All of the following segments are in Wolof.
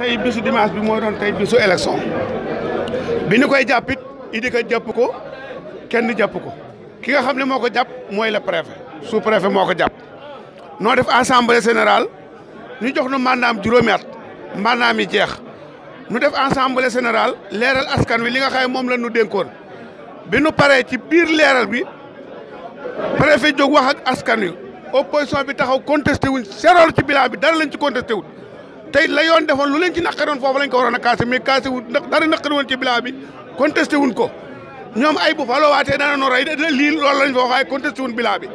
tey bisu dimanche bi mooy doon tey bisu élection bi ñu koy jàppit idi jàpp ko kenn jàpp ko ki nga xam ne moo ko jàpp mooy le préfet su préfet moo ko jàpp noo def assemblée générale ñu jox nu mandaam juróomi at mandaam jeex nu def assemblée générale leeral askan wi li nga xam moom la ñu dénkoon bi nu ci biir leeral bi préfet jóg wax ak askan wi opposition bi taxaw contesté wuñ serool ci bilan bi dara lañ ci contesté wut tey la yoon defoon lu leen ci naqari foofu lañ ko waroon a kaase mais kaase wu dara naqari woon ci bilan bi contesté wuñ ko ñoom ay bu faloo waatee dana no rey lii loolu lañ foo wax waaye contesté wuñ bilan bi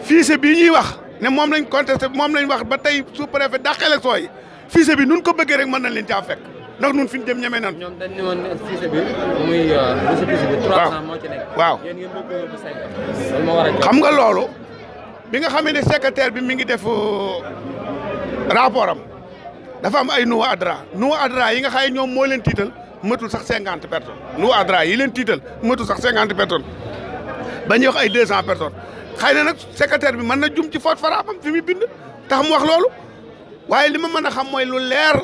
fiise ñuy wax ne moom lañ contesté moom lañ wax ba tey sous préfet dàq élection yi fiise bi nun ko bëggee rek mën na leen caa fekk ndax nun fi ñu jëm ñeme nan ñoom dañ ne euh, moo waaw yéen ngeen xam nga loolu bi nga xamee ne secrétaire bi mi ngi def euh, rapport dafa am ay nouveau adra nouveau adra yi nga xaye ñoom moo leen tiital matul sax cinquante personnes nouveau adra yi leen tiital matul sax cinquante personnes ba ñuy wax ay deux cent personnes xëy na nag secrétaire bi mën na jum ci foot faraamam fi mu bind tax mu wax loolu waaye li ma mën a xam mooy lu leer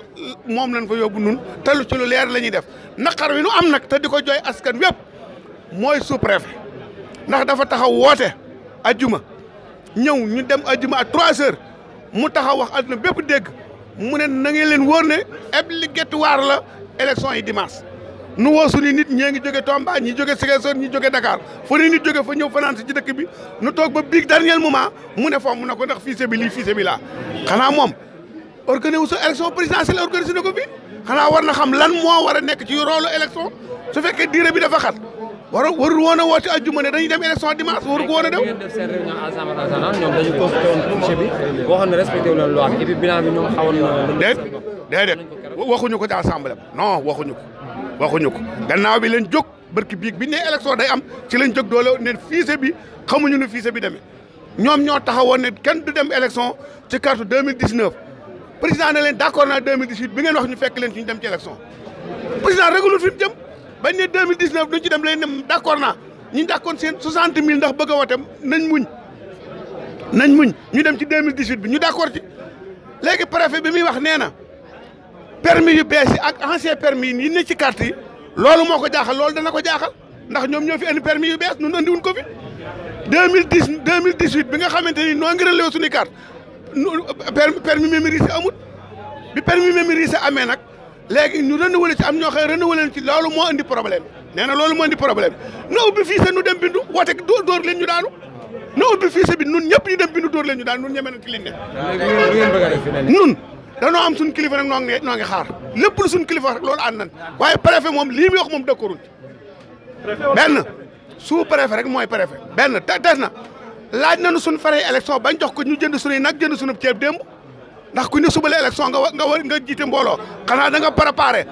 moom lañ fa yóbbu nun te lu ci lu leer la ñuy def xar wi nu am nag te di ko jooy askan wépp mooy sous-préfet ndax dafa taxaw woote ajuma ñëw ñu dem ajuma à trois heures mu taxaw wax àdduna bépp dégg mu ne na ngeen leen wóor ne obligatoire la élection yi dimanche nu woo suñu nit ñee ngi jóge Tamba ñi jóge Ziguinchor ñi jóge Dakar fu ne nit jóge fa ñëw fanaan ci dëkk bi nu toog ba biig dernier moment mu ne foofu fo ne ko ndax fiise bi lii fiise xanaa moom organisé wu sa élection présidentielle organisé na ko bi xanaa war na xam lan moo war a nekk ci roolu élection su fekkee diire bi dafa xat war warul woon a woote ajjuma ne dañuy dem élection dimanche waru ko woon dem. dañu ko woon projet bi waxoon na respecté wu la loi bi waxuñu ko ci assemblée non waxuñu ko. waxuñu ko gannaaw bi leen jóg barki biig bi ne élection day am ci lañ jóg doole ne fiise bi xamuñu nu fiise bi demee ñoom ñoo taxawoon ne kenn du dem élection ci carte 2019 président ne leen d' accord naa 2018 bi ngeen wax ñu fekk leen ci ñu dem ci élection président régulul bañ ne 2019 duñ ci dem lay nem d' accord naa ñu dàkkoon seen 60 000 ndax bëgg a wote nañ muñ nañ muñ ñu dem ci 2018 bi ñu d' ci léegi préfet bi muy wax nee na permis yu bees yi ak ancien permis yi ne ci carte yi loolu moo ko jaaxal loolu dana ko jaaxal ndax ñoom ñoo fi indi permis yu bees ñun andiwuñ ko fi 2010 2018 bi nga xamante ni noo ngi relew suñu carte permis mémorisé amut bi permis mémorisé amee nag léegi ñu renouvelé ci am ñoo xam ne renouvelé ci loolu moo indi problème nee na loolu moo indi problème na ubbi fiise nu dem bindu woote dóor dóor leen ñu daanu na ubbi fiise bi nun ñëpp ñu dem bindu dóor leen ñu daanu nun ñeme na ci ne nun danoo am suñ kilifa nag noo ngi noo ngi xaar lépp lu suñ kilifa rek loolu ànd nañ waaye préfet moom lii muy wax moom dëkkorul benn suu préfet rek mooy préfet benn te des na laaj nañu suñ fare élection bañ jox ko ñu jënd suñuy nag jënd suñu ceeb démb ndax ku ne suba la élection nga nga war nga jiite mbooloo xanaa da nga préparé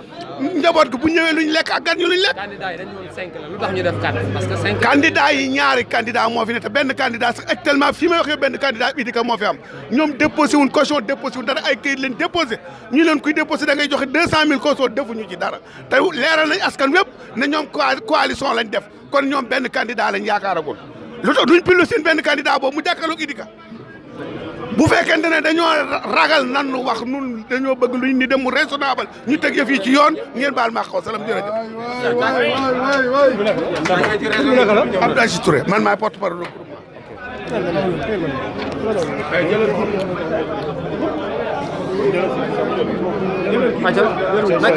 njaboot gi bu ñëwee luñ lekk ak gan ñu luñ lekk. candidat yi dañu woon yi ne te benn candidat sax actuellement fii may waxee benn candidat Idi Ka moo fi am ñoom déposé wuñ caution déposé wuñ dara ay këyit leen déposé ñu leen kuy déposé da ngay joxe deux cent mille caution defuñu ci dara te leeral nañ askan wépp ne ñoom coalition lañ def kon ñoom benn candidat lañ yaakaaragul lu tax benn candidat boobu bu fekkente ne dañoo ragal nan wax nun dañoo bëgg lu ni dem mu raisonnable ñu teg yëf yi ci yoon ngeen baal ma xaw salaam jërëjëf. Abdou Aziz man maay porte parole groupement